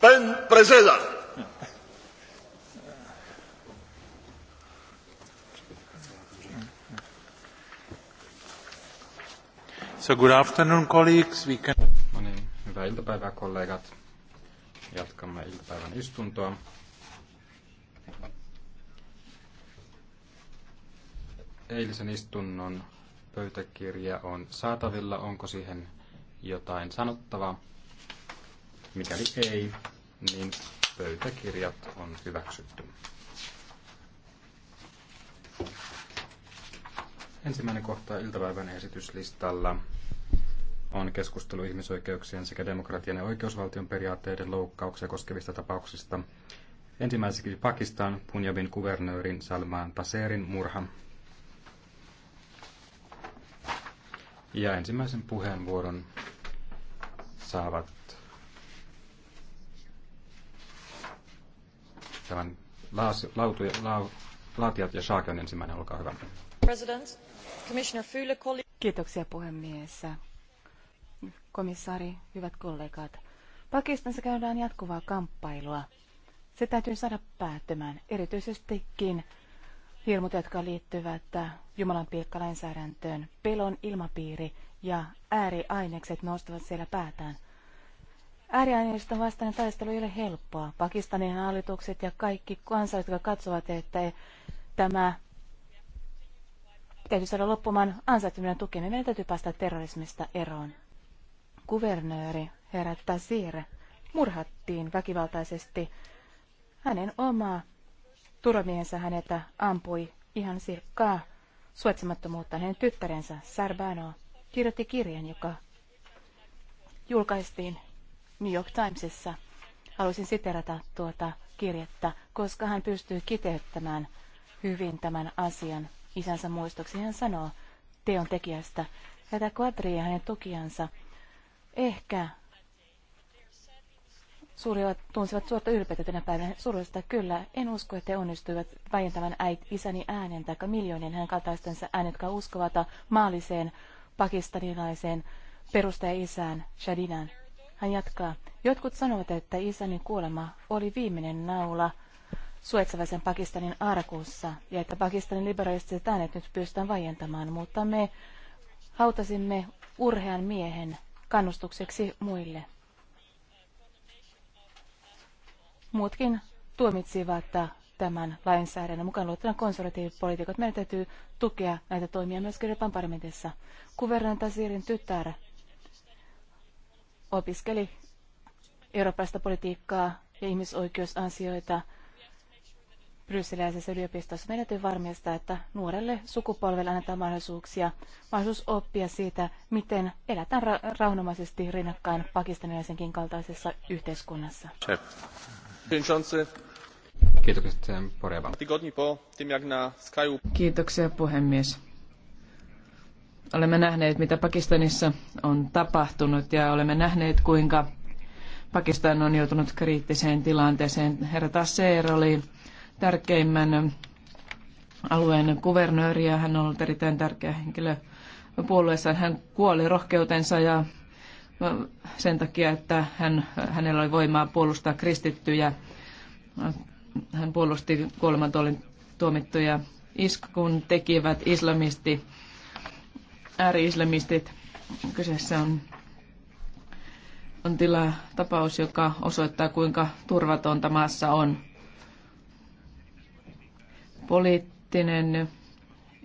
Pan prezesa. So good afternoon, colleagues. We can... No niin, hyvää iltapäivää, kollegat. Jatkamme iltapäivän istuntoa. Eilisen istunnon pöytäkirja on saatavilla. Onko siihen jotain sanottavaa? Mikäli ei, niin pöytäkirjat on hyväksytty. Ensimmäinen kohta iltapäivän esityslistalla on keskustelu ihmisoikeuksien sekä demokratian ja oikeusvaltion periaatteiden loukkauksia koskevista tapauksista. Ensimmäiseksi Pakistan Punjabin kuvernöörin Salman Taserin murha. Ja ensimmäisen puheenvuoron saavat tämän laatijat ja Shaake on ensimmäinen, olkaa hyvä. Kiitoksia puhemies. Komissaari, hyvät kollegat. Pakistanissa käydään jatkuvaa kamppailua. Se täytyy saada päättymään, erityisestikin hirmut, jotka liittyvät Jumalan pilkkalainsäädäntöön. Pelon ilmapiiri ja ääriainekset nostavat siellä päätään. Ääriaineiston vastainen taistelu ei ole helppoa. Pakistanin hallitukset ja kaikki kansalaiset, jotka katsovat, että tämä täytyy saada loppumaan ansaitseminen tukeminen. Niin meidän täytyy päästä terrorismista eroon. Kuvernööri herra Tazir murhattiin väkivaltaisesti. Hänen oma turvamiehensä hänet ampui ihan sirkkaa suotsimattomuutta hänen tyttärensä Sarbano kirjoitti kirjan, joka julkaistiin New York Timesissa. Haluaisin siterata tuota kirjettä, koska hän pystyy kiteyttämään hyvin tämän asian isänsä muistoksi. Hän sanoo teon tekijästä, että Quadri ja hänen tukiansa ehkä suurivat, tunsivat suurta ylpeyttä tänä päivänä. Surullista kyllä, en usko, että he onnistuivat väjentämään äit, isäni äänen tai miljoonien hänen kaltaistensa äänet, jotka uskovat maalliseen pakistanilaiseen perustaja-isään Shadinaan. Hän jatkaa. Jotkut sanovat, että isäni kuolema oli viimeinen naula suotsavaisen Pakistanin arkuussa ja että Pakistanin liberalistiset äänet nyt pystytään vajentamaan, mutta me hautasimme urhean miehen kannustukseksi muille. Muutkin tuomitsivat tämän lainsäädännön mukaan luettuna konservatiivipolitiikot. Meidän täytyy tukea näitä toimia myös Euroopan parlamentissa. Kuvernantasiirin tytär opiskeli eurooppalaista politiikkaa ja ihmisoikeusansioita brysseliläisessä yliopistossa. Meidän täytyy varmistaa, että nuorelle sukupolvelle annetaan mahdollisuuksia, mahdollisuus oppia siitä, miten elätään ra- rauhanomaisesti rinnakkain pakistanilaisenkin kaltaisessa yhteiskunnassa. Kiitoksia puhemies. Olemme nähneet, mitä Pakistanissa on tapahtunut ja olemme nähneet, kuinka Pakistan on joutunut kriittiseen tilanteeseen. Herra Tasseer oli tärkeimmän alueen kuvernööri ja hän on ollut erittäin tärkeä henkilö puolueessa. Hän kuoli rohkeutensa ja sen takia, että hän, hänellä oli voimaa puolustaa kristittyjä. Hän puolusti kuolemantuomittuja iskun tekivät islamisti ääri-islamistit. Kyseessä on, on tila, tapaus, joka osoittaa, kuinka turvatonta maassa on. Poliittinen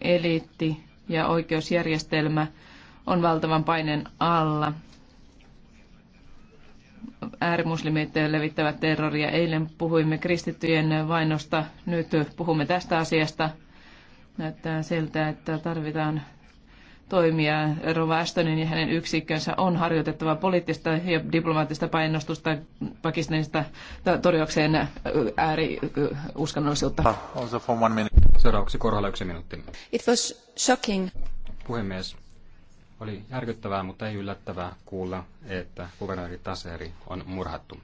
eliitti ja oikeusjärjestelmä on valtavan paineen alla. Äärimuslimit levittävät terroria. Eilen puhuimme kristittyjen vainosta, nyt puhumme tästä asiasta. Näyttää siltä, että tarvitaan toimia. Rova Ashtonin ja hänen yksikkönsä on harjoitettava poliittista ja diplomaattista painostusta Pakistanista torjokseen ääriuskonnollisuutta. Äh, äh, Seuraavaksi Korhola yksi minuutti. It was shocking. Puhemies, oli järkyttävää, mutta ei yllättävää kuulla, että kuvernööri Taseri on murhattu.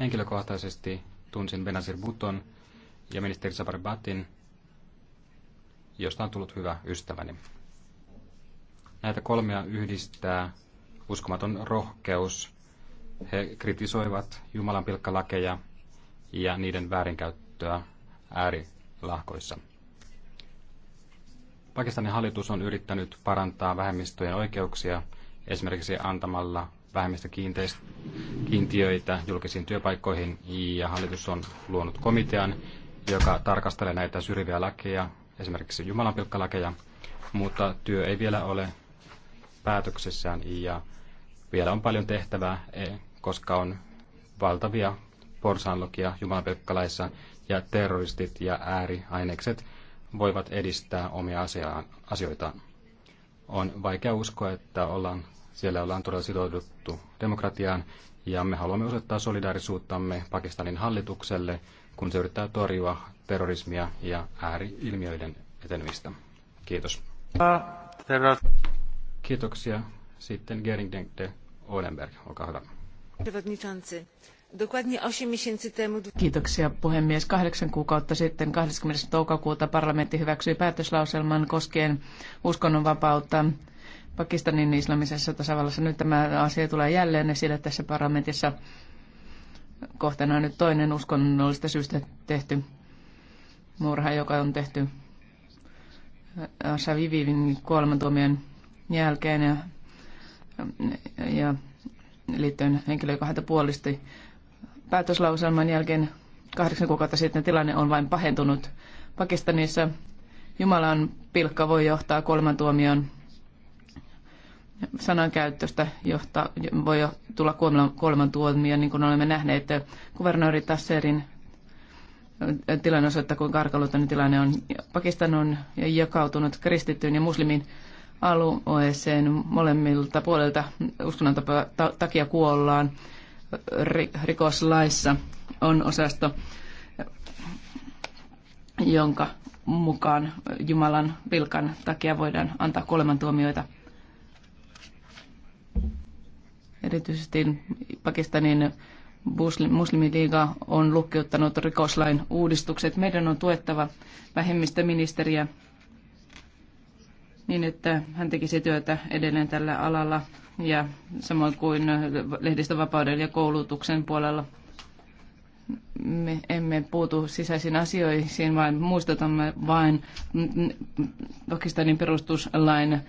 Henkilökohtaisesti tunsin Benazir Buton ja ministeri Sabar Batin, josta on tullut hyvä ystäväni. Näitä kolmea yhdistää uskomaton rohkeus. He kritisoivat Jumalan pilkkalakeja ja niiden väärinkäyttöä äärilahkoissa. Pakistanin hallitus on yrittänyt parantaa vähemmistöjen oikeuksia esimerkiksi antamalla vähemmistökiintiöitä julkisiin työpaikkoihin ja hallitus on luonut komitean, joka tarkastelee näitä syrjiviä lakeja, esimerkiksi jumalanpilkkalakeja, mutta työ ei vielä ole päätöksissään ja vielä on paljon tehtävää, e, koska on valtavia porsaanlokia jumalapelkkalaissa ja terroristit ja ääriainekset voivat edistää omia asioitaan. On vaikea uskoa, että ollaan, siellä ollaan todella sitouduttu demokratiaan ja me haluamme osoittaa solidaarisuuttamme Pakistanin hallitukselle, kun se yrittää torjua terrorismia ja ääriilmiöiden etenemistä. Kiitos. Kiitoksia. Sitten Gering Denkte Odenberg, olkaa hyvä. Kiitoksia puhemies. Kahdeksan kuukautta sitten 20. toukokuuta parlamentti hyväksyi päätöslauselman koskien uskonnonvapautta Pakistanin islamisessa tasavallassa. Nyt tämä asia tulee jälleen esille tässä parlamentissa. Kohtana on nyt toinen uskonnollista syystä tehty murha, joka on tehty Savivivin kuolemantuomion jälkeen ja, ja liittyen henkilö, joka häntä puolisti päätöslauselman jälkeen kahdeksan kuukautta sitten tilanne on vain pahentunut. Pakistanissa Jumalan pilkka voi johtaa kuolemantuomioon sanankäyttöstä johtaa, voi tulla kuolemantuomio, niin kuin olemme nähneet. Kuvernööri Tasserin tilanne osoittaa, kuinka karkaluutainen tilanne on. Pakistan on jakautunut kristittyyn ja muslimin alueeseen molemmilta puolilta uskonnon takia kuollaan. Rikoslaissa on osasto, jonka mukaan Jumalan vilkan takia voidaan antaa kuolemantuomioita. Erityisesti Pakistanin muslimiliiga on lukkiuttanut rikoslain uudistukset. Meidän on tuettava vähemmistöministeriä niin, että hän tekisi työtä edelleen tällä alalla ja samoin kuin lehdistövapauden ja koulutuksen puolella. Me emme puutu sisäisiin asioihin, vaan muistutamme vain Pakistanin perustuslain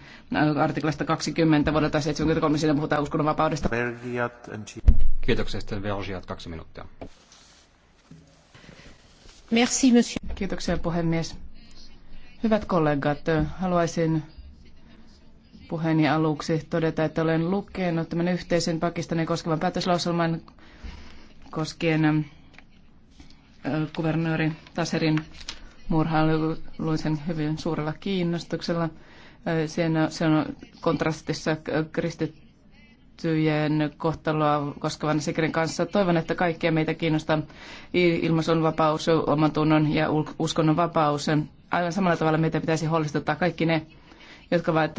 artiklasta 20 vuodelta 1973, siinä puhutaan uskonnonvapaudesta. Kiitoksia, sitten Vergiat, kaksi minuuttia. Merci, monsieur. Kiitoksia, puhemies Hyvät kollegat, haluaisin puheeni aluksi todeta, että olen lukenut tämän yhteisen Pakistanin koskevan päätöslauselman koskien äh, kuvernööri Taserin murhaa luin hyvin suurella kiinnostuksella. Äh, Siinä se on kontrastissa kristittyjen kohtaloa koskevan sekirin kanssa. Toivon, että kaikkia meitä kiinnostaa ilmaisunvapaus, oman tunnon ja uskonnon vapaus aivan samalla tavalla meitä pitäisi huolestuttaa kaikki ne, jotka ovat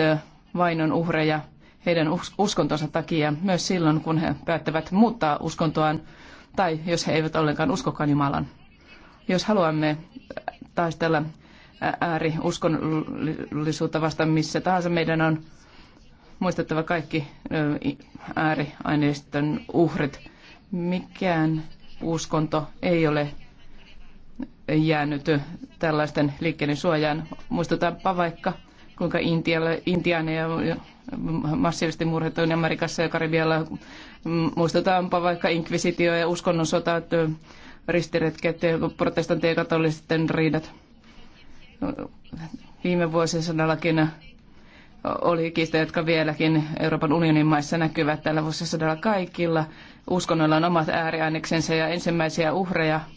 vainon uhreja heidän uskontonsa takia, myös silloin, kun he päättävät muuttaa uskontoaan tai jos he eivät ollenkaan uskokaan Jumalan. Jos haluamme taistella ääriuskonnollisuutta vastaan missä tahansa, meidän on muistettava kaikki ääriaineiston uhrit. Mikään uskonto ei ole jäänyt tällaisten liikkeiden suojaan. Muistutaanpa vaikka, kuinka intiaaneja massiivisesti murhattuin Amerikassa ja Karibialla. Muistutaanpa vaikka inkvisitio ja uskonnonsotat, ristiretket ja protestantien katolisten riidat. Viime vuosisadallakin oli kiistä, jotka vieläkin Euroopan unionin maissa näkyvät tällä vuosisadalla kaikilla. Uskonnoilla on omat ääriaineksensa ja ensimmäisiä uhreja –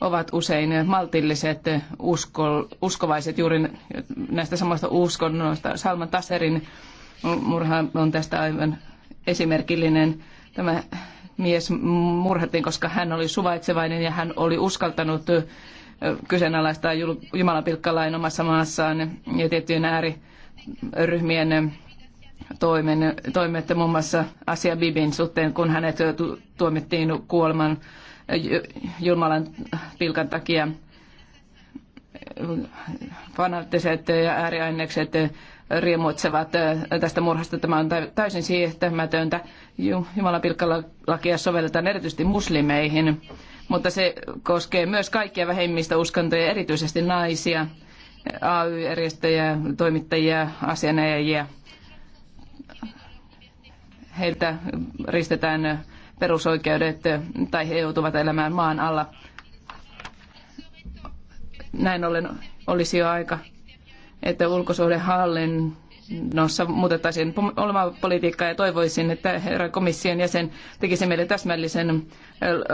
ovat usein maltilliset usko, uskovaiset juuri näistä samoista uskonnoista. Salman Taserin murha on tästä aivan esimerkillinen. Tämä mies murhattiin, koska hän oli suvaitsevainen ja hän oli uskaltanut kyseenalaistaa jumalanpilkkalain omassa maassaan ja tiettyjen ääriryhmien toimen, toimet muun muassa Asia Bibin suhteen, kun hänet tuomittiin kuoleman Jumalan pilkan takia fanaattiset ja ääriainekset riemuitsevat tästä murhasta. Tämä on täysin siihtämätöntä. Jumalan pilkkalakia sovelletaan erityisesti muslimeihin, mutta se koskee myös kaikkia vähemmistöuskontoja, erityisesti naisia, AY-järjestöjä, toimittajia, asianajajia. Heiltä ristetään perusoikeudet tai he joutuvat elämään maan alla. Näin ollen olisi jo aika, että ulkosuhdehallinnossa muutettaisiin olemaan politiikkaa ja toivoisin, että herra komission jäsen tekisi meille täsmällisen äh,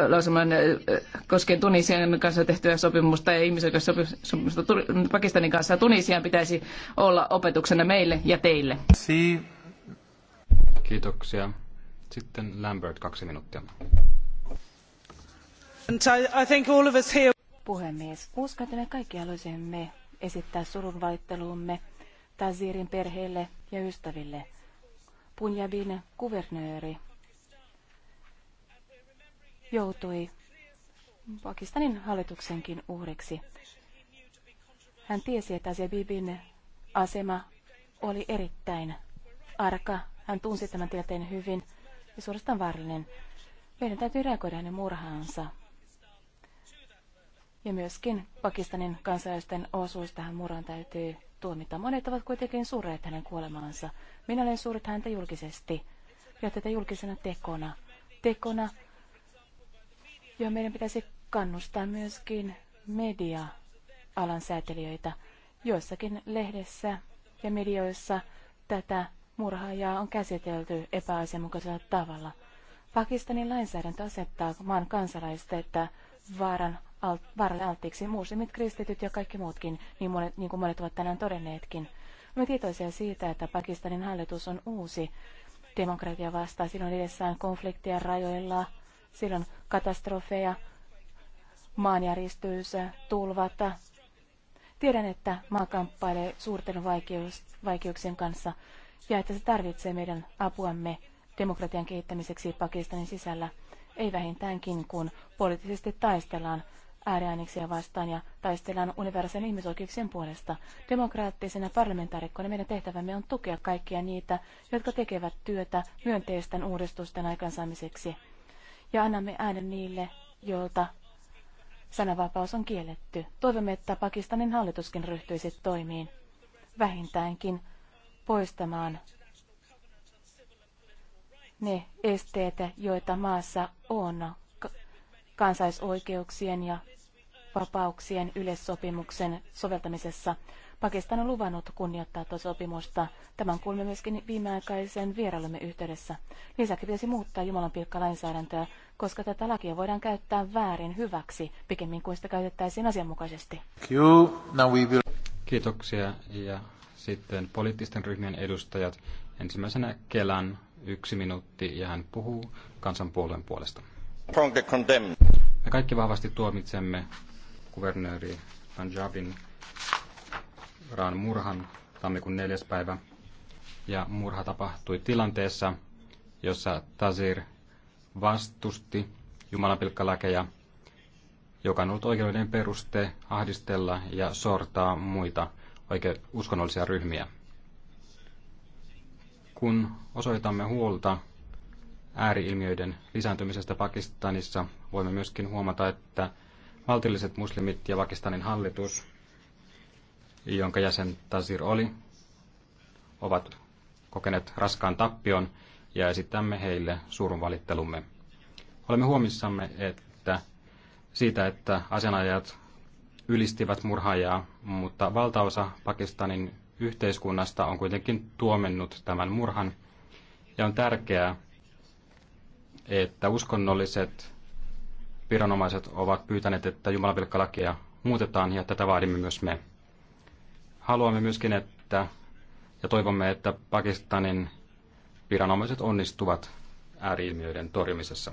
lausuman äh, koskien Tunisian kanssa tehtyä sopimusta ja ihmisoikeussopimusta Pakistanin kanssa. Tunisian pitäisi olla opetuksena meille ja teille. Kiitoksia. Sitten Lambert, kaksi minuuttia. Puhemies, uskon, että me kaikki haluaisimme esittää surunvalittelumme Tazirin perheelle ja ystäville. Punjabin kuvernööri joutui Pakistanin hallituksenkin uhriksi. Hän tiesi, että Asia Bibin asema oli erittäin arka. Hän tunsi tämän tilanteen hyvin ja suorastaan vaarallinen. Meidän täytyy reagoida hänen murhaansa. Ja myöskin Pakistanin kansalaisten osuus tähän murhaan täytyy tuomita. Monet ovat kuitenkin surreet hänen kuolemaansa. Minä olen suuri häntä julkisesti ja tätä julkisena tekona. Tekona, ja meidän pitäisi kannustaa myöskin media-alan säätelijöitä. Joissakin lehdessä ja medioissa tätä murhaajaa on käsitelty epäasianmukaisella tavalla. Pakistanin lainsäädäntö asettaa maan kansalaiset, että vaaran alt, vaaralle alttiiksi muslimit, kristityt ja kaikki muutkin, niin, monet, niin kuin monet ovat tänään todenneetkin. Olemme tietoisia siitä, että Pakistanin hallitus on uusi demokratia vastaan. Silloin edessään konfliktia, rajoilla, silloin katastrofeja, maanjäristys, tulvat. Tiedän, että maa kamppailee suurten vaikeuksien kanssa ja että se tarvitsee meidän apuamme demokratian kehittämiseksi Pakistanin sisällä, ei vähintäänkin kun poliittisesti taistellaan ääriaineksiä vastaan ja taistellaan universaalien ihmisoikeuksien puolesta. Demokraattisena parlamentaarikkoina meidän tehtävämme on tukea kaikkia niitä, jotka tekevät työtä myönteisten uudistusten aikansaamiseksi. Ja annamme äänen niille, joilta sananvapaus on kielletty. Toivomme, että Pakistanin hallituskin ryhtyisi toimiin. Vähintäänkin poistamaan ne esteet, joita maassa on kansaisoikeuksien ja vapauksien yleissopimuksen soveltamisessa. Pakistan on luvannut kunnioittaa tuo sopimusta. Tämän kuulimme myöskin viimeaikaisen vierailumme yhteydessä. Lisäksi pitäisi muuttaa Jumalan pilkka lainsäädäntöä, koska tätä lakia voidaan käyttää väärin hyväksi, pikemmin kuin sitä käytettäisiin asianmukaisesti. Kiitoksia ja sitten poliittisten ryhmien edustajat. Ensimmäisenä Kelan yksi minuutti ja hän puhuu kansanpuolueen puolesta. Me kaikki vahvasti tuomitsemme kuvernööri Punjabin Raan murhan tammikuun neljäs päivä. Ja murha tapahtui tilanteessa, jossa Tazir vastusti Jumalan pilkkalakeja, joka on ollut oikeuden peruste ahdistella ja sortaa muita oike- uskonnollisia ryhmiä. Kun osoitamme huolta ääriilmiöiden lisääntymisestä Pakistanissa, voimme myöskin huomata, että valtilliset muslimit ja Pakistanin hallitus, jonka jäsen Tazir oli, ovat kokeneet raskaan tappion ja esitämme heille suurun valittelumme. Olemme huomissamme että siitä, että asianajajat ylistivät murhaajaa, mutta valtaosa Pakistanin yhteiskunnasta on kuitenkin tuomennut tämän murhan. Ja on tärkeää, että uskonnolliset viranomaiset ovat pyytäneet, että Jumalanpilkkalakia muutetaan ja tätä vaadimme myös me. Haluamme myöskin, että ja toivomme, että Pakistanin viranomaiset onnistuvat ääriilmiöiden torjumisessa.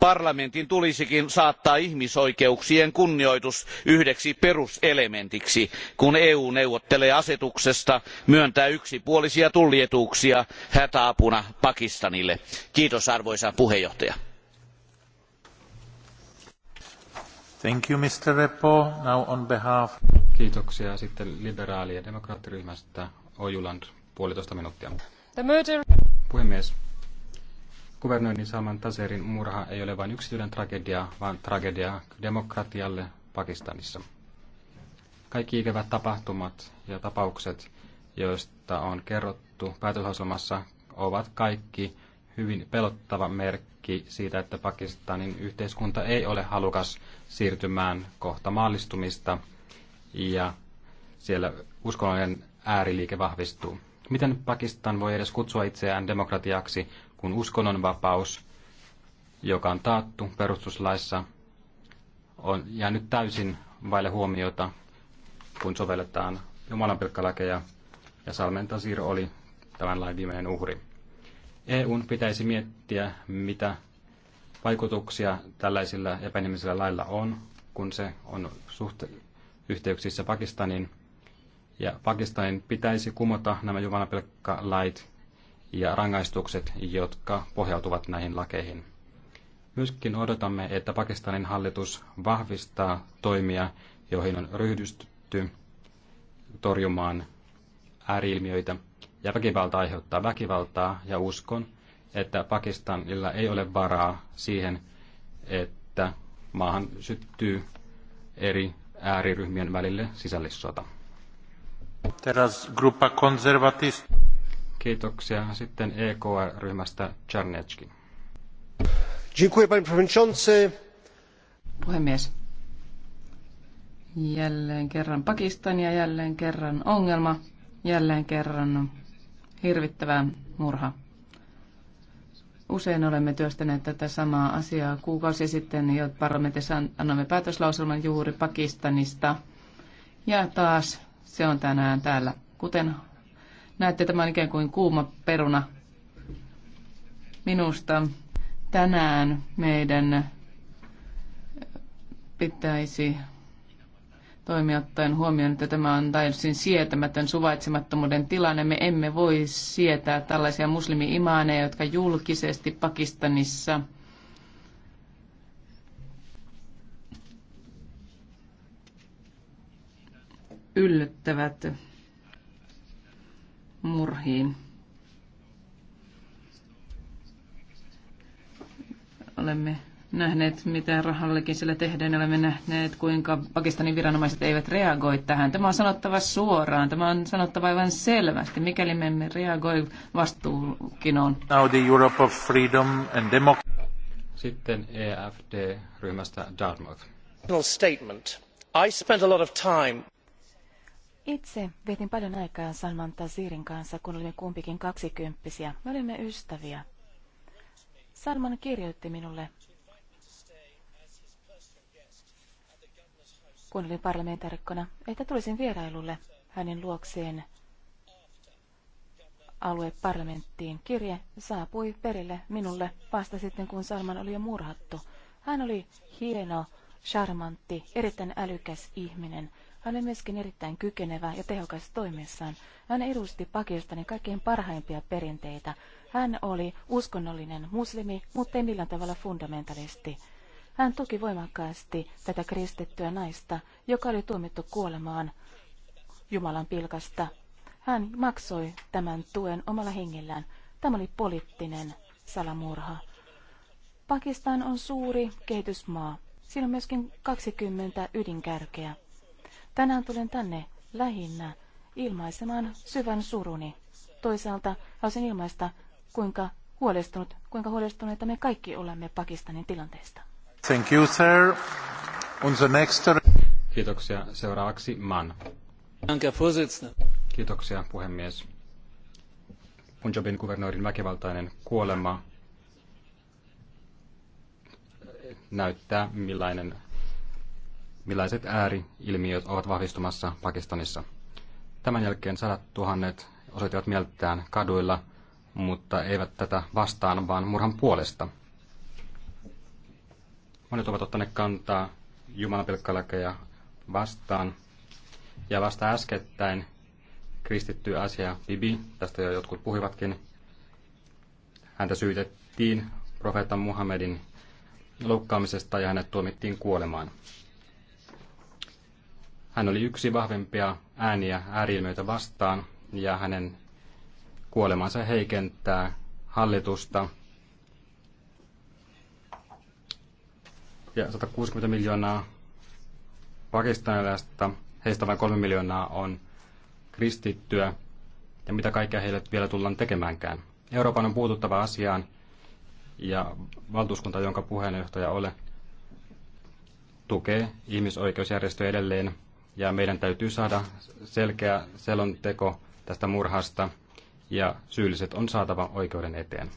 parlamentin tulisikin saattaa ihmisoikeuksien kunnioitus yhdeksi peruselementiksi kun eu neuvottelee asetuksesta myöntää yksipuolisia tullietuuksia hätäapuna pakistanille. kiitos arvoisa puhemies Kiitoksia. Sitten liberaali- ja demokraattiryhmästä Ojuland, puolitoista minuuttia. Puhemies, Kuvernöinnin saaman Taserin murha ei ole vain yksityinen tragedia, vaan tragedia demokratialle Pakistanissa. Kaikki ikävät tapahtumat ja tapaukset, joista on kerrottu päätöslauselmassa, ovat kaikki hyvin pelottava merkki siitä, että Pakistanin yhteiskunta ei ole halukas siirtymään kohta maallistumista ja siellä uskonnollinen ääriliike vahvistuu. Miten Pakistan voi edes kutsua itseään demokratiaksi, kun uskonnonvapaus, joka on taattu perustuslaissa, on jäänyt täysin vaille huomiota, kun sovelletaan Jumalan pilkkalakeja, ja Salmen Tasir oli tämän lain viimeinen uhri. EUn pitäisi miettiä, mitä vaikutuksia tällaisilla epänimisillä lailla on, kun se on suhte- yhteyksissä Pakistanin. Ja Pakistanin pitäisi kumota nämä pilkkalait ja rangaistukset, jotka pohjautuvat näihin lakeihin. Myöskin odotamme, että Pakistanin hallitus vahvistaa toimia, joihin on ryhdytty torjumaan ääriilmiöitä ja väkivalta aiheuttaa väkivaltaa ja uskon, että Pakistanilla ei ole varaa siihen, että maahan syttyy eri ääriryhmien välille sisällissota. Teraz grupa konservatist. Kiitoksia. Sitten EKR-ryhmästä Czarnecki. Dziękuję, panie przewodniczący. Puhemies. Jälleen kerran Pakistan ja jälleen kerran ongelma. Jälleen kerran hirvittävä murha. Usein olemme työstäneet tätä samaa asiaa kuukausi sitten, jo parlamentissa annamme päätöslauselman juuri Pakistanista. Ja taas se on tänään täällä. Kuten Näette tämän ikään kuin kuuma peruna. Minusta tänään meidän pitäisi toimia ottaen huomioon, että tämä on täysin sietämätön suvaitsemattomuuden tilanne. Me emme voi sietää tällaisia muslimi-imaaneja, jotka julkisesti Pakistanissa yllättävät murhiin. Olemme nähneet, mitä rahallekin sillä tehdään. Olemme nähneet, kuinka Pakistanin viranomaiset eivät reagoi tähän. Tämä on sanottava suoraan. Tämä on sanottava aivan selvästi, mikäli me emme reagoi on. Now the Europe of freedom and democracy. Sitten EFD-ryhmästä Dartmouth. Statement. I spent a lot of time itse vietin paljon aikaa Salman Tazirin kanssa, kun olimme kumpikin kaksikymppisiä. Me olimme ystäviä. Salman kirjoitti minulle, kun olin parlamentaarikkona, että tulisin vierailulle hänen luokseen alueparlamenttiin. Kirje saapui perille minulle vasta sitten, kun Salman oli jo murhattu. Hän oli hieno, charmantti, erittäin älykäs ihminen. Hän oli myöskin erittäin kykenevä ja tehokas toimessaan. Hän edusti Pakistanin kaikkein parhaimpia perinteitä. Hän oli uskonnollinen muslimi, mutta ei millään tavalla fundamentalisti. Hän tuki voimakkaasti tätä kristittyä naista, joka oli tuomittu kuolemaan Jumalan pilkasta. Hän maksoi tämän tuen omalla hengellään. Tämä oli poliittinen salamurha. Pakistan on suuri kehitysmaa. Siinä on myöskin 20 ydinkärkeä. Tänään tulen tänne lähinnä ilmaisemaan syvän suruni. Toisaalta haluaisin ilmaista, kuinka huolestunut, kuinka huolestuneita me kaikki olemme Pakistanin tilanteesta. Thank you, sir. On the next... Kiitoksia. Seuraavaksi Mann. Kiitoksia, puhemies. Punjabin kuvernöörin väkivaltainen kuolema näyttää, millainen millaiset ääriilmiöt ovat vahvistumassa Pakistanissa. Tämän jälkeen sadat tuhannet osoittivat mieltään kaduilla, mutta eivät tätä vastaan, vaan murhan puolesta. Monet ovat ottaneet kantaa jumalapilkkalakeja vastaan. Ja vasta äskettäin kristitty asia Bibi, tästä jo jotkut puhuivatkin, häntä syytettiin profeetta Muhammedin loukkaamisesta ja hänet tuomittiin kuolemaan. Hän oli yksi vahvempia ääniä ääriilmiöitä vastaan ja hänen kuolemansa heikentää hallitusta. Ja 160 miljoonaa pakistanilaista, heistä vain 3 miljoonaa on kristittyä ja mitä kaikkea heille vielä tullaan tekemäänkään. Euroopan on puututtava asiaan ja valtuuskunta, jonka puheenjohtaja ole, tukee ihmisoikeusjärjestöjä edelleen ja meidän täytyy saada selkeä selonteko tästä murhasta ja syylliset on saatava oikeuden eteen.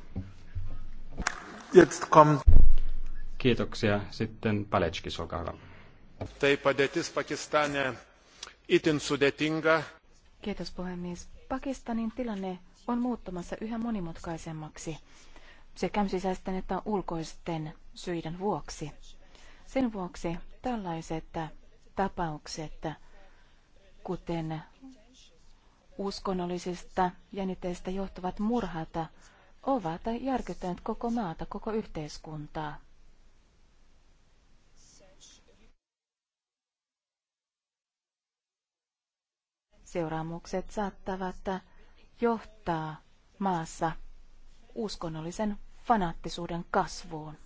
Kiitoksia. Sitten Palechkis, olkaa hyvä. Tai itin Kiitos puhemies. Pakistanin tilanne on muuttumassa yhä monimutkaisemmaksi sekä sisäisten että ulkoisten syiden vuoksi. Sen vuoksi tällaiset tapaukset, kuten uskonnollisista jännitteistä johtuvat murhat, ovat järkyttäneet koko maata, koko yhteiskuntaa. Seuraamukset saattavat johtaa maassa uskonnollisen fanaattisuuden kasvuun.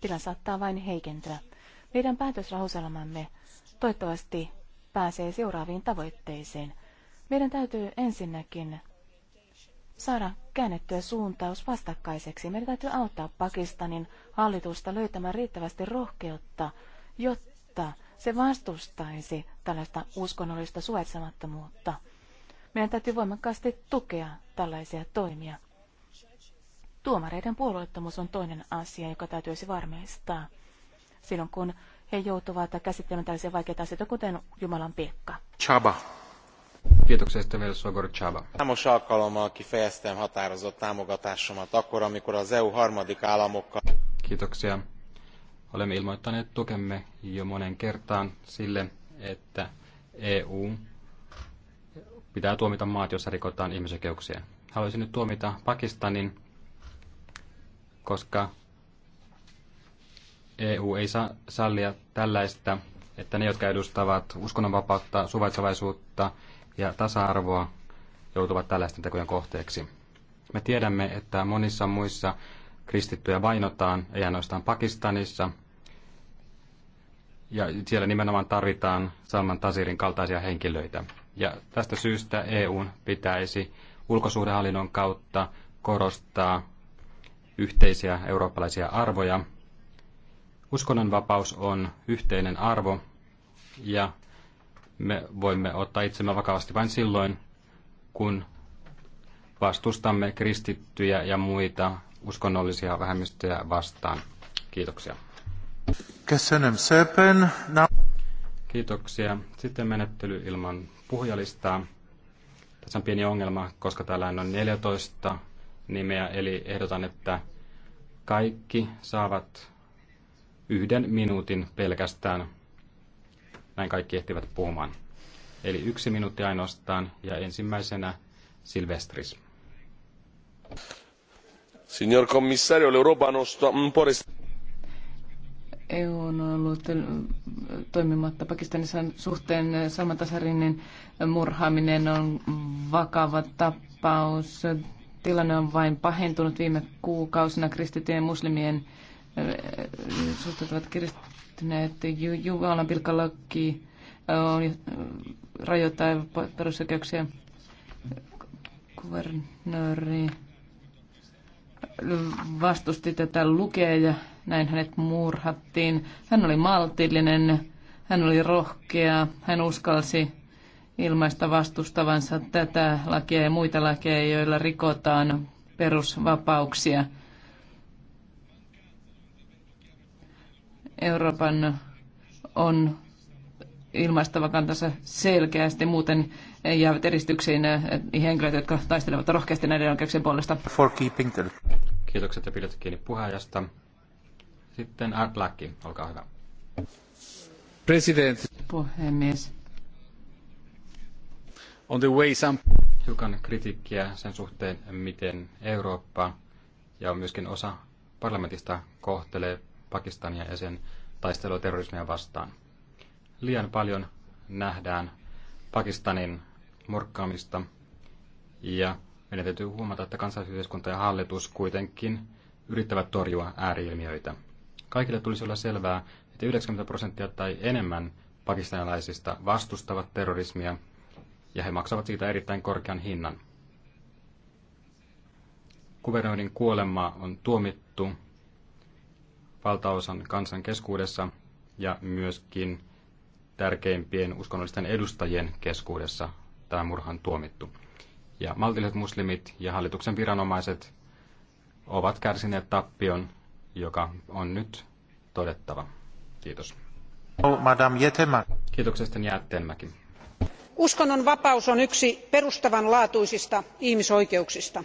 Tila saattaa vain heikentää Meidän päätöslauselmamme toivottavasti pääsee seuraaviin tavoitteisiin. Meidän täytyy ensinnäkin saada käännettyä suuntaus vastakkaiseksi. Meidän täytyy auttaa Pakistanin hallitusta löytämään riittävästi rohkeutta, jotta se vastustaisi tällaista uskonnollista suojatsemattomuutta. Meidän täytyy voimakkaasti tukea tällaisia toimia. Tuomareiden puolueettomuus on toinen asia, joka täytyisi varmistaa. Silloin kun he joutuvat käsittelemään tällaisia vaikeita asioita, kuten Jumalan piekka. Chaba. Kiitoksia sitten vielä Sogor Csaba. Számos alkalommal kifejeztem határozott támogatásomat akkor, amikor az EU harmadik államokkal... Kiitoksia. Olemme ilmoittaneet tukemme jo monen kertaan sille, että EU pitää tuomita maat, joissa rikotaan ihmisoikeuksia. Haluaisin nyt tuomita Pakistanin, koska EU ei saa sallia tällaista, että ne, jotka edustavat uskonnonvapautta, suvaitsevaisuutta ja tasa-arvoa, joutuvat tällaisten tekojen kohteeksi. Me tiedämme, että monissa muissa kristittyjä vainotaan, ei ainoastaan Pakistanissa, ja siellä nimenomaan tarvitaan Salman Tasirin kaltaisia henkilöitä. Ja tästä syystä EUn pitäisi ulkosuhdehallinnon kautta korostaa yhteisiä eurooppalaisia arvoja, Uskonnonvapaus on yhteinen arvo ja me voimme ottaa itsemme vakavasti vain silloin, kun vastustamme kristittyjä ja muita uskonnollisia vähemmistöjä vastaan. Kiitoksia. Kiitoksia. Sitten menettely ilman puhujalistaa. Tässä on pieni ongelma, koska täällä on 14 nimeä, eli ehdotan, että kaikki saavat yhden minuutin pelkästään. Näin kaikki ehtivät puhumaan. Eli yksi minuutti ainoastaan ja ensimmäisenä Silvestris. Signor commissario, l'Europa non un po' EU e on ollut toimimatta Pakistanissa suhteen. Salman Tasarinin murhaaminen on vakava tapaus. Tilanne on vain pahentunut viime kuukausina kristittyjen, muslimien suhteet ovat kiristyneet. Juvalan on rajoittaa perusoikeuksia kuvernööri vastusti tätä lukea ja näin hänet murhattiin. Hän oli maltillinen, hän oli rohkea, hän uskalsi ilmaista vastustavansa tätä lakia ja muita lakeja, joilla rikotaan perusvapauksia. Euroopan on ilmaistava kantansa selkeästi, muuten jäävät eristyksiin henkilöt, jotka taistelevat rohkeasti näiden oikeuksien puolesta. For keeping the... Kiitokset ja pidät kiinni puheenjohtajasta. Sitten Art Black, olkaa hyvä. President. Puhemies. On the way some... Hiukan kritiikkiä sen suhteen, miten Eurooppa ja myöskin osa parlamentista kohtelee Pakistania ja sen taistelua terrorismia vastaan. Liian paljon nähdään Pakistanin murkkaamista ja meidän täytyy huomata, että kansalaisyhteiskunta ja hallitus kuitenkin yrittävät torjua ääriilmiöitä. Kaikille tulisi olla selvää, että 90 prosenttia tai enemmän pakistanilaisista vastustavat terrorismia ja he maksavat siitä erittäin korkean hinnan. Kuvernoidin kuolema on tuomittu valtaosan kansan keskuudessa ja myöskin tärkeimpien uskonnollisten edustajien keskuudessa tämä murhan tuomittu. Ja maltilliset muslimit ja hallituksen viranomaiset ovat kärsineet tappion, joka on nyt todettava. Kiitos. Madame Jätemäki. Jättenmäki. Uskonnon vapaus on yksi perustavanlaatuisista ihmisoikeuksista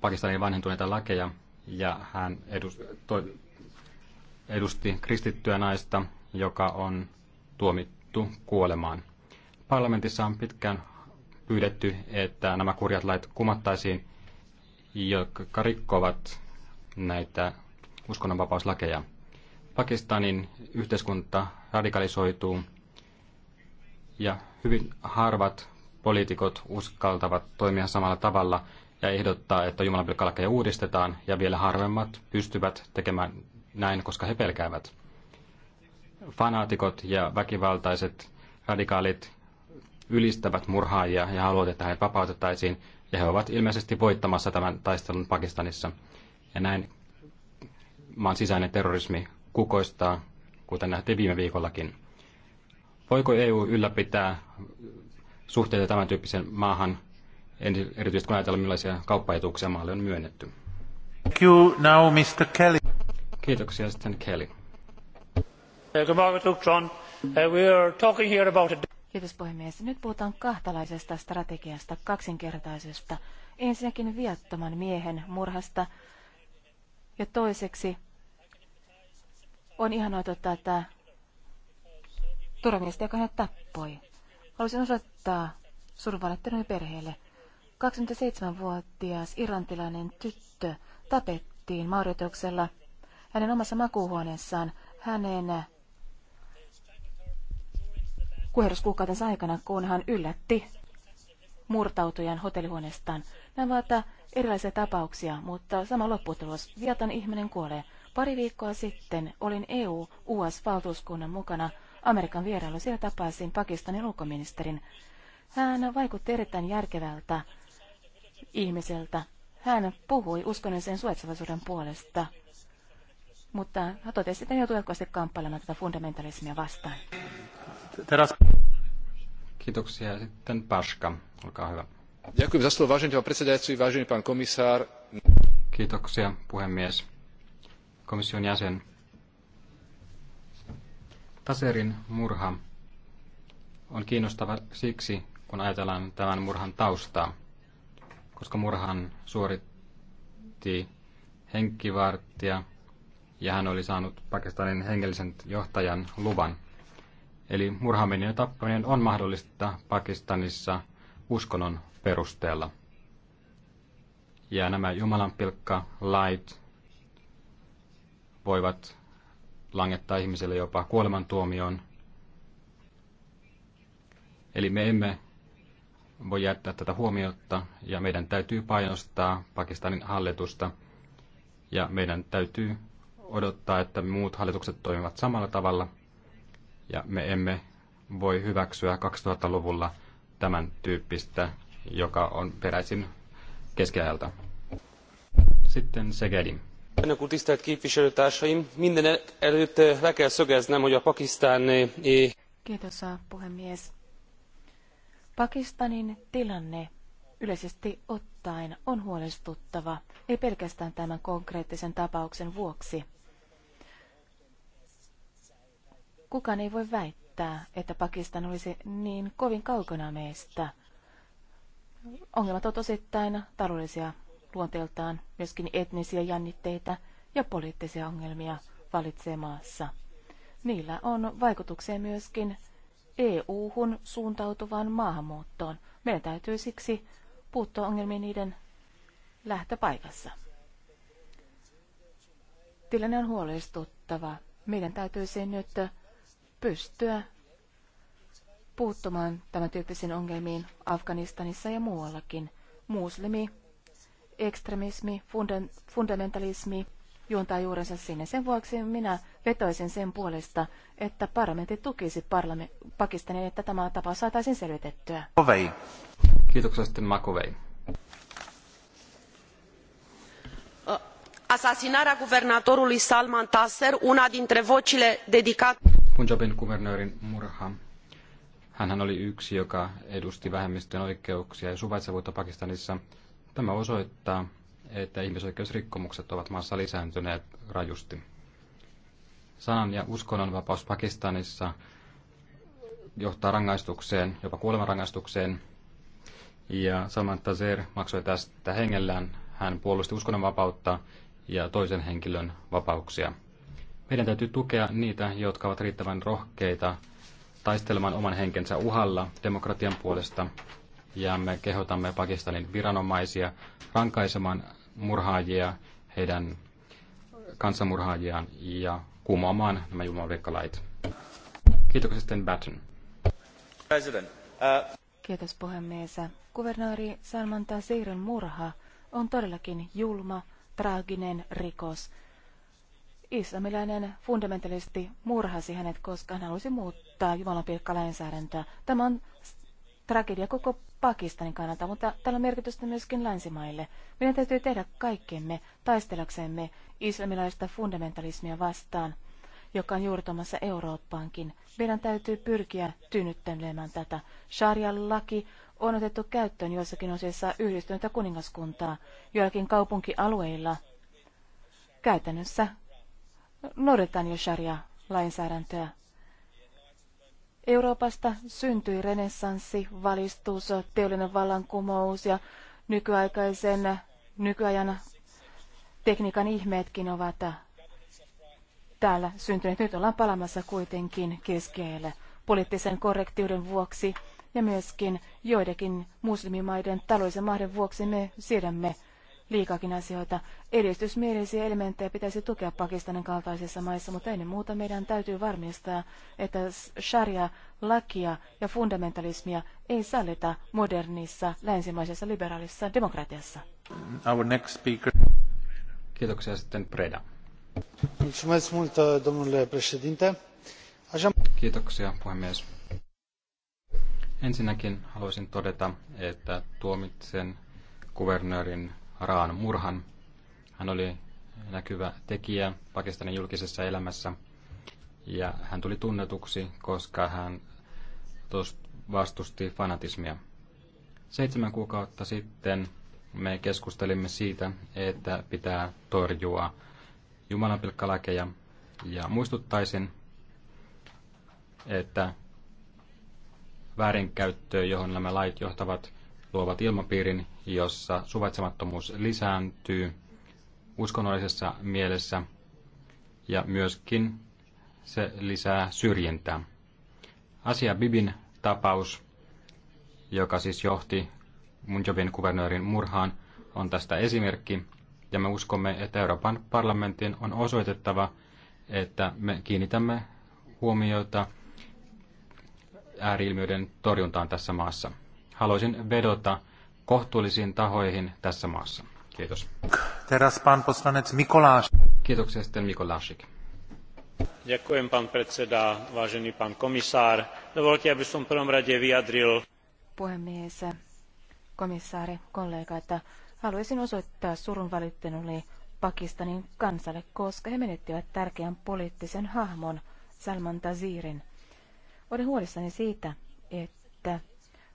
Pakistanin vanhentuneita lakeja ja hän edusti kristittyä naista, joka on tuomittu kuolemaan. Parlamentissa on pitkään pyydetty, että nämä kurjat lait kumattaisiin, jotka rikkovat näitä uskonnonvapauslakeja. Pakistanin yhteiskunta radikalisoituu ja hyvin harvat poliitikot uskaltavat toimia samalla tavalla ja ehdottaa, että Jumalan pilkkalakeja uudistetaan ja vielä harvemmat pystyvät tekemään näin, koska he pelkäävät. Fanaatikot ja väkivaltaiset radikaalit ylistävät murhaajia ja haluavat, että heidät vapautettaisiin, ja he ovat ilmeisesti voittamassa tämän taistelun Pakistanissa. Ja näin maan sisäinen terrorismi kukoistaa, kuten nähtiin viime viikollakin. Voiko EU ylläpitää suhteita tämän tyyppisen maahan erityisesti kun ajatellaan millaisia kauppaetuuksia maalle on myönnetty. Thank you now, Mr. Kelly. Kiitoksia sitten Kelly. Eh, eh, Kiitos puhemies. Nyt puhutaan kahtalaisesta strategiasta, kaksinkertaisesta. Ensinnäkin viattoman miehen murhasta ja toiseksi on ihan ottaa tämä turvamiestä, joka hänet tappoi. Haluaisin osoittaa surunvalittelun perheelle. 27-vuotias irlantilainen tyttö tapettiin maurituksella hänen omassa makuuhuoneessaan hänen kuheruskuukautensa aikana, kun hän yllätti murtautujan hotellihuoneestaan. Nämä ovat erilaisia tapauksia, mutta sama lopputulos. Vietan ihminen kuolee. Pari viikkoa sitten olin EU-US-valtuuskunnan mukana Amerikan vierailu. Siellä tapasin Pakistanin ulkoministerin. Hän vaikutti erittäin järkevältä ihmiseltä. Hän puhui uskonnollisen suojatsevaisuuden puolesta, mutta hän totesi, että joutuu jatkuvasti kamppailemaan tätä fundamentalismia vastaan. Teraz... Kiitoksia. Sitten Paska, olkaa hyvä. Ďakujem za slovo, vážený pán predsedajúci, vážený pán komisár. Kiitoksia, puhemies. Komission jäsen. Taserin murha on kiinnostava siksi, kun ajatellaan tämän murhan taustaa koska murhan suoritti henkivartija ja hän oli saanut Pakistanin hengellisen johtajan luvan. Eli murhaaminen ja tappaminen on mahdollista Pakistanissa uskonnon perusteella. Ja nämä Jumalan pilkka lait voivat langettaa ihmiselle jopa kuolemantuomioon. Eli me emme voi jättää tätä huomiota ja meidän täytyy painostaa Pakistanin hallitusta ja meidän täytyy odottaa, että muut hallitukset toimivat samalla tavalla ja me emme voi hyväksyä 2000-luvulla tämän tyyppistä, joka on peräisin keskiajalta. Sitten Segedin. Elnök úr, tisztelt képviselőtársaim! Minden előtt le kell szögeznem, hogy a pakisztáni... Kiitos, puhemies Pakistanin tilanne yleisesti ottaen on huolestuttava, ei pelkästään tämän konkreettisen tapauksen vuoksi. Kukaan ei voi väittää, että Pakistan olisi niin kovin kaukana meistä. Ongelmat ovat osittain taloudellisia luonteeltaan, myöskin etnisiä jännitteitä ja poliittisia ongelmia valitsee maassa. Niillä on vaikutuksia myöskin EU-hun suuntautuvaan maahanmuuttoon. Meidän täytyy siksi puuttua ongelmiin niiden lähtöpaikassa. Tilanne on huolestuttava. Meidän täytyisi nyt pystyä puuttumaan tämän tyyppisiin ongelmiin Afganistanissa ja muuallakin. Muslimi, ekstremismi, funda- fundamentalismi juontaa juurensa sinne. Sen vuoksi minä vetoisin sen puolesta, että parlamentti tukisi parlame- Pakistania, että tämä tapaus saataisiin selvitettyä. Kovei. Kiitoksia sitten Makovei. Uh, asasinarea guvernatorului Salman Taser, una dintre vocile dedicate... Punjabin kuvernöörin murha. Hänhän oli yksi, joka edusti vähemmistön oikeuksia ja suvaitsevuutta Pakistanissa. Tämä osoittaa, että ihmisoikeusrikkomukset ovat maassa lisääntyneet rajusti sanan- ja uskonnonvapaus Pakistanissa johtaa rangaistukseen, jopa kuolemanrangaistukseen. Ja Samantha Zer maksoi tästä hengellään. Hän puolusti uskonnonvapautta ja toisen henkilön vapauksia. Meidän täytyy tukea niitä, jotka ovat riittävän rohkeita taistelemaan oman henkensä uhalla demokratian puolesta. Ja me kehotamme Pakistanin viranomaisia rankaisemaan murhaajia heidän kansanmurhaajiaan ja kumoamaan nämä jumalanvirkkalait. Kiitoksia sitten Batten. President, uh... Kiitos puhemies. Kuvernaari Salman Tasirin murha on todellakin julma, traaginen rikos. Islamilainen fundamentalisti murhasi hänet, koska hän halusi muuttaa Jumalan pilkkalainsäädäntöä. Tämä on tragedia koko Pakistanin kannalta, mutta tällä on merkitystä myöskin länsimaille. Meidän täytyy tehdä kaikkemme taistelaksemme islamilaista fundamentalismia vastaan, joka on juurtumassa Eurooppaankin. Meidän täytyy pyrkiä tynnyttämään tätä. Sharjan laki on otettu käyttöön joissakin osissa yhdistynyttä kuningaskuntaa, joillakin kaupunkialueilla. Käytännössä noudetaan jo sharia-lainsäädäntöä. Euroopasta syntyi renessanssi, valistus, teollinen vallankumous ja nykyaikaisen, nykyajan tekniikan ihmeetkin ovat täällä syntyneet. Nyt ollaan palamassa kuitenkin keskelle poliittisen korrektiuden vuoksi ja myöskin joidenkin muslimimaiden taloudellisen mahden vuoksi me siedämme liikakin asioita. Edistysmielisiä elementtejä pitäisi tukea Pakistanin kaltaisissa maissa, mutta ennen muuta meidän täytyy varmistaa, että sharia-lakia ja fundamentalismia ei sallita modernissa länsimaisessa liberaalissa demokratiassa. Our next speaker. Kiitoksia sitten Preda. Kiitoksia, puhemies. Ensinnäkin haluaisin todeta, että tuomitsen kuvernöörin Raan murhan. Hän oli näkyvä tekijä Pakistanin julkisessa elämässä ja hän tuli tunnetuksi, koska hän vastusti fanatismia. Seitsemän kuukautta sitten me keskustelimme siitä, että pitää torjua Jumalanpilkkalakeja ja muistuttaisin, että väärinkäyttöön, johon nämä lait johtavat, luovat ilmapiirin, jossa suvaitsemattomuus lisääntyy uskonnollisessa mielessä ja myöskin se lisää syrjintää. Asia Bibin tapaus, joka siis johti Munjobin kuvernöörin murhaan, on tästä esimerkki, ja me uskomme, että Euroopan parlamentin on osoitettava, että me kiinnitämme huomiota ääriilmiöiden torjuntaan tässä maassa haluaisin vedota kohtuullisiin tahoihin tässä maassa. Kiitos. Teraz pan poslanec Mikoláš. Kiitoksia sitten Mikolášik. Ďakujem, pán predseda, vážený pán komisár. Dovolte, aby som prvom rade vyjadril... Puhemies, komissaari, kollega, että haluaisin osoittaa surun valitteluni Pakistanin kansalle, koska he menettivät tärkeän poliittisen hahmon Salman Tazirin. Olen huolissani siitä, että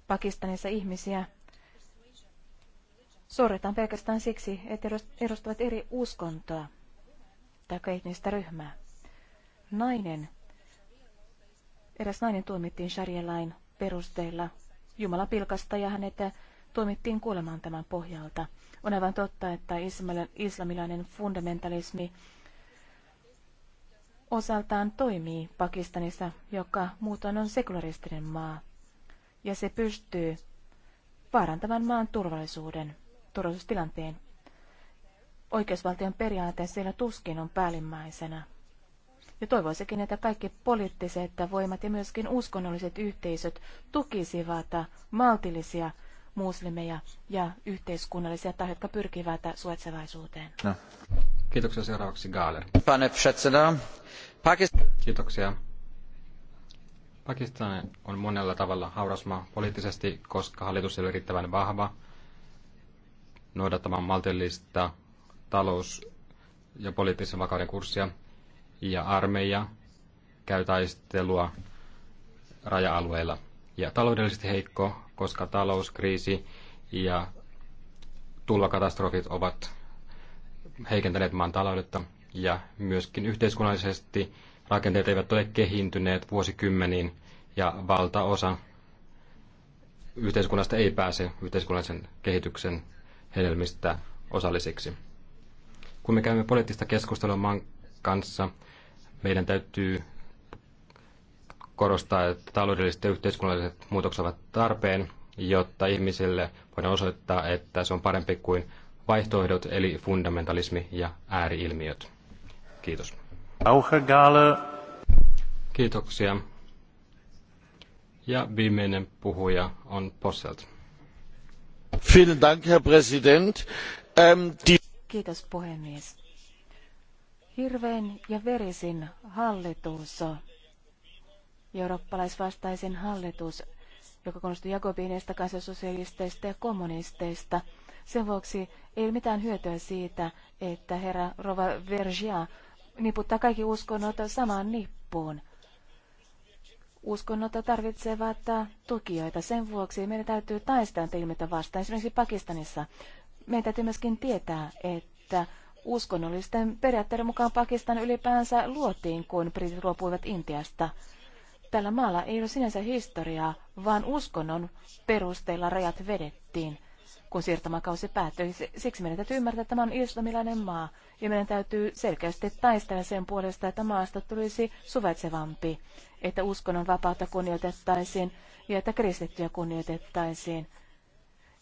Pakistanissa ihmisiä sorretaan pelkästään siksi, että edustavat eri uskontoa tai etnistä ryhmää. Nainen, eräs nainen tuomittiin sharia-lain perusteella Jumala pilkasta ja hänet tuomittiin kuolemaan tämän pohjalta. On aivan totta, että islamilainen fundamentalismi osaltaan toimii Pakistanissa, joka muutoin on sekularistinen maa ja se pystyy vaarantamaan maan turvallisuuden, turvallisuustilanteen. Oikeusvaltion periaatteessa siellä tuskin on päällimmäisenä. Ja toivoisikin, että kaikki poliittiset voimat ja myöskin uskonnolliset yhteisöt tukisivat maltillisia muslimeja ja yhteiskunnallisia tahoja, jotka pyrkivät suojatsevaisuuteen. No. Kiitoksia seuraavaksi Gaaler. Kiitoksia Pakistan on monella tavalla hauras maa poliittisesti, koska hallitus ei ole riittävän vahva noudattamaan maltillista talous- ja poliittisen vakauden kurssia, ja armeija käy taistelua raja-alueilla. Ja taloudellisesti heikko, koska talouskriisi ja tulvakatastrofit ovat heikentäneet maan taloudetta, ja myöskin yhteiskunnallisesti rakenteet eivät ole kehintyneet vuosikymmeniin ja valtaosa yhteiskunnasta ei pääse yhteiskunnallisen kehityksen hedelmistä osallisiksi. Kun me käymme poliittista keskustelua maan kanssa, meidän täytyy korostaa, että taloudelliset ja yhteiskunnalliset muutokset ovat tarpeen, jotta ihmisille voidaan osoittaa, että se on parempi kuin vaihtoehdot eli fundamentalismi ja ääriilmiöt. Kiitos. Kiitoksia. Ja viimeinen puhuja on Posselt. Vielen Dank, Herr Präsident. Ähm, die... Kiitos puhemies. Hirveen ja verisin hallitus, eurooppalaisvastaisin hallitus, joka koostui Jakobineista, kansallisosialisteista ja kommunisteista. Sen vuoksi ei ole mitään hyötyä siitä, että herra Rova Vergia niputtaa kaikki uskonnot samaan nippuun. Uskonnot tarvitsevat tukijoita. Sen vuoksi meidän täytyy taistaa ilmiötä vastaan. Esimerkiksi Pakistanissa meidän täytyy myöskin tietää, että uskonnollisten periaatteiden mukaan Pakistan ylipäänsä luotiin, kun britit luopuivat Intiasta. Tällä maalla ei ole sinänsä historiaa, vaan uskonnon perusteella rajat vedettiin kun siirtomakausi päättyy. Siksi meidän täytyy ymmärtää, että tämä on islamilainen maa, ja meidän täytyy selkeästi taistella sen puolesta, että maasta tulisi suvaitsevampi, että uskonnon vapautta kunnioitettaisiin ja että kristittyjä kunnioitettaisiin.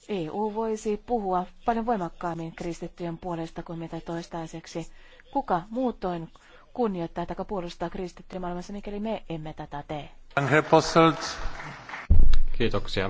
EU voisi puhua paljon voimakkaammin kristittyjen puolesta kuin mitä toistaiseksi. Kuka muutoin kunnioittaa tai puolustaa kristittyjä maailmassa, mikäli me emme tätä tee? Kiitoksia.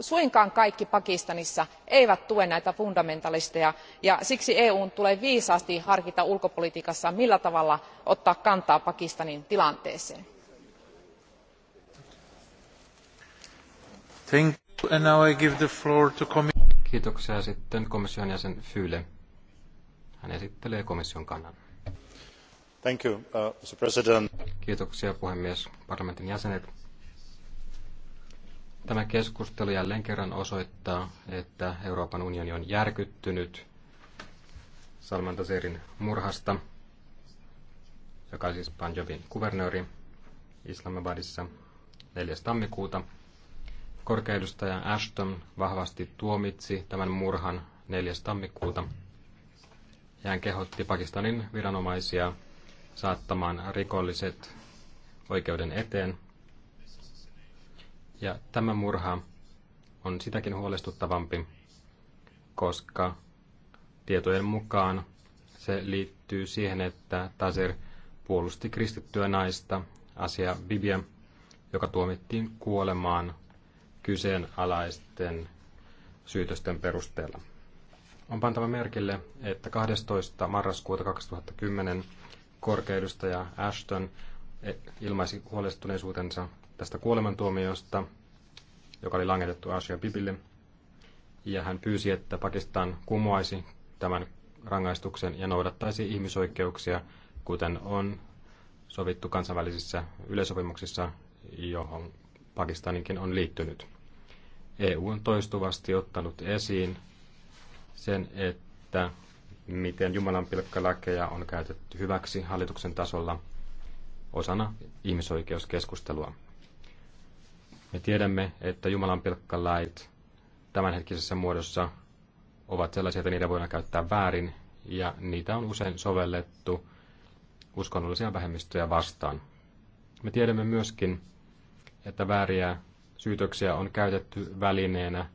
suinkaan kaikki pakistanissa eivät tue näitä fundamentalisteja ja siksi eu n tulee viisaasti harkita ulkopolitiikassaan millä tavalla ottaa kantaa pakistanin tilanteeseen. Kiitoksia. Sitten komission jäsen Fyle. Hän esittelee komission kannan. Uh, Kiitoksia puhemies, parlamentin jäsenet Tämä keskustelu jälleen kerran osoittaa, että Euroopan unioni on järkyttynyt Salman Taserin murhasta, joka on siis Punjabin kuvernööri Islamabadissa 4. tammikuuta. Korkeudustaja Ashton vahvasti tuomitsi tämän murhan 4. tammikuuta. Hän kehotti Pakistanin viranomaisia saattamaan rikolliset oikeuden eteen ja tämä murha on sitäkin huolestuttavampi, koska tietojen mukaan se liittyy siihen, että Taser puolusti kristittyä naista, Asia Bibia, joka tuomittiin kuolemaan kyseenalaisten syytösten perusteella. On pantava merkille, että 12. marraskuuta 2010 korkeudustaja Ashton ilmaisi huolestuneisuutensa tästä kuolemantuomiosta, joka oli langetettu Asia Bibille. Ja hän pyysi, että Pakistan kumoaisi tämän rangaistuksen ja noudattaisi ihmisoikeuksia, kuten on sovittu kansainvälisissä yleisopimuksissa, johon Pakistaninkin on liittynyt. EU on toistuvasti ottanut esiin sen, että miten Jumalan pilkkalakeja on käytetty hyväksi hallituksen tasolla osana ihmisoikeuskeskustelua. Me tiedämme, että Jumalan pilkkalait tämänhetkisessä muodossa ovat sellaisia, että niitä voidaan käyttää väärin, ja niitä on usein sovellettu uskonnollisia vähemmistöjä vastaan. Me tiedämme myöskin, että vääriä syytöksiä on käytetty välineenä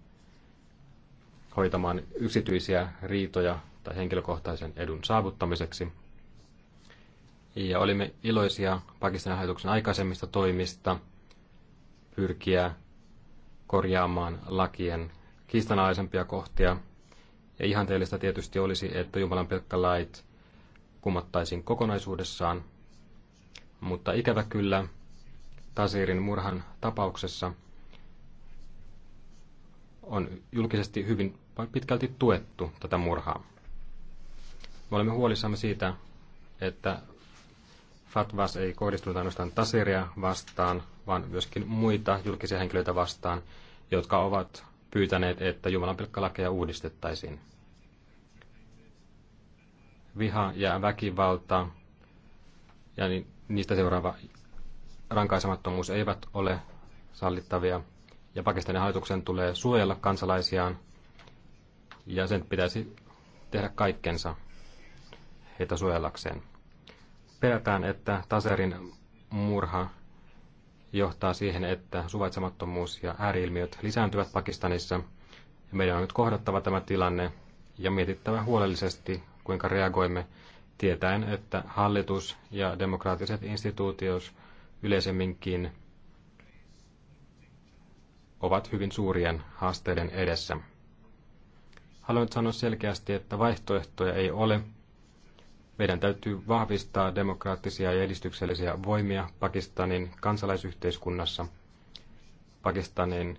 hoitamaan yksityisiä riitoja tai henkilökohtaisen edun saavuttamiseksi. Ja olimme iloisia Pakistanin hallituksen aikaisemmista toimista – pyrkiä korjaamaan lakien kiistanalaisempia kohtia. Ja ihanteellista tietysti olisi, että Jumalan pelkkä lait kumottaisiin kokonaisuudessaan, mutta ikävä kyllä Tasirin murhan tapauksessa on julkisesti hyvin pitkälti tuettu tätä murhaa. Me olemme huolissamme siitä, että fatvas ei kohdistunut ainoastaan Tasiria vastaan, vaan myöskin muita julkisia henkilöitä vastaan, jotka ovat pyytäneet, että Jumalan pilkkalakeja uudistettaisiin. Viha ja väkivalta ja niistä seuraava rankaisemattomuus eivät ole sallittavia. Ja Pakistanin hallituksen tulee suojella kansalaisiaan ja sen pitäisi tehdä kaikkensa heitä suojellakseen. Pelätään, että Taserin murha johtaa siihen, että suvaitsemattomuus ja ääriilmiöt lisääntyvät Pakistanissa. Meidän on nyt kohdattava tämä tilanne ja mietittävä huolellisesti, kuinka reagoimme, tietäen, että hallitus ja demokraattiset instituutiot yleisemminkin ovat hyvin suurien haasteiden edessä. Haluan sanoa selkeästi, että vaihtoehtoja ei ole – meidän täytyy vahvistaa demokraattisia ja edistyksellisiä voimia Pakistanin kansalaisyhteiskunnassa. Pakistanin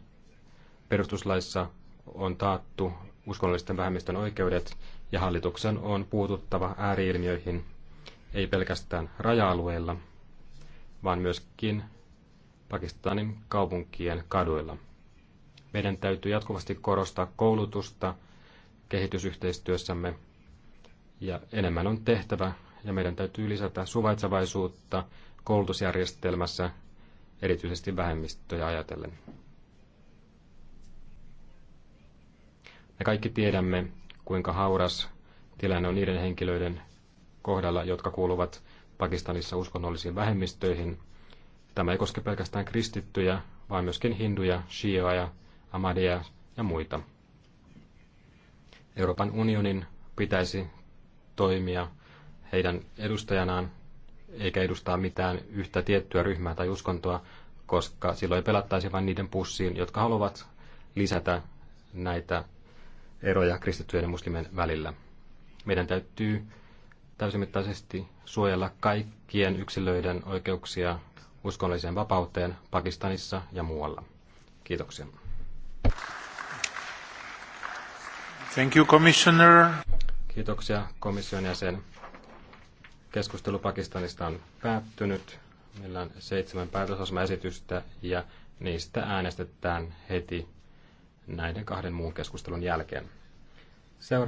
perustuslaissa on taattu uskonnollisten vähemmistön oikeudet ja hallituksen on puututtava ääriilmiöihin ei pelkästään raja-alueilla, vaan myöskin Pakistanin kaupunkien kaduilla. Meidän täytyy jatkuvasti korostaa koulutusta kehitysyhteistyössämme ja enemmän on tehtävä ja meidän täytyy lisätä suvaitsevaisuutta koulutusjärjestelmässä, erityisesti vähemmistöjä ajatellen. Me kaikki tiedämme, kuinka hauras tilanne on niiden henkilöiden kohdalla, jotka kuuluvat Pakistanissa uskonnollisiin vähemmistöihin. Tämä ei koske pelkästään kristittyjä, vaan myöskin hinduja, shioja, amadia ja muita. Euroopan unionin pitäisi toimia heidän edustajanaan eikä edustaa mitään yhtä tiettyä ryhmää tai uskontoa, koska silloin pelattaisi vain niiden pussiin, jotka haluavat lisätä näitä eroja kristittyjen ja muslimien välillä. Meidän täytyy täysimittaisesti suojella kaikkien yksilöiden oikeuksia uskonnolliseen vapauteen Pakistanissa ja muualla. Kiitoksia. Thank you, Commissioner. Kiitoksia komission jäsen. Keskustelu Pakistanista on päättynyt. Meillä on seitsemän päätösosmaesitystä ja niistä äänestetään heti näiden kahden muun keskustelun jälkeen. Seuraava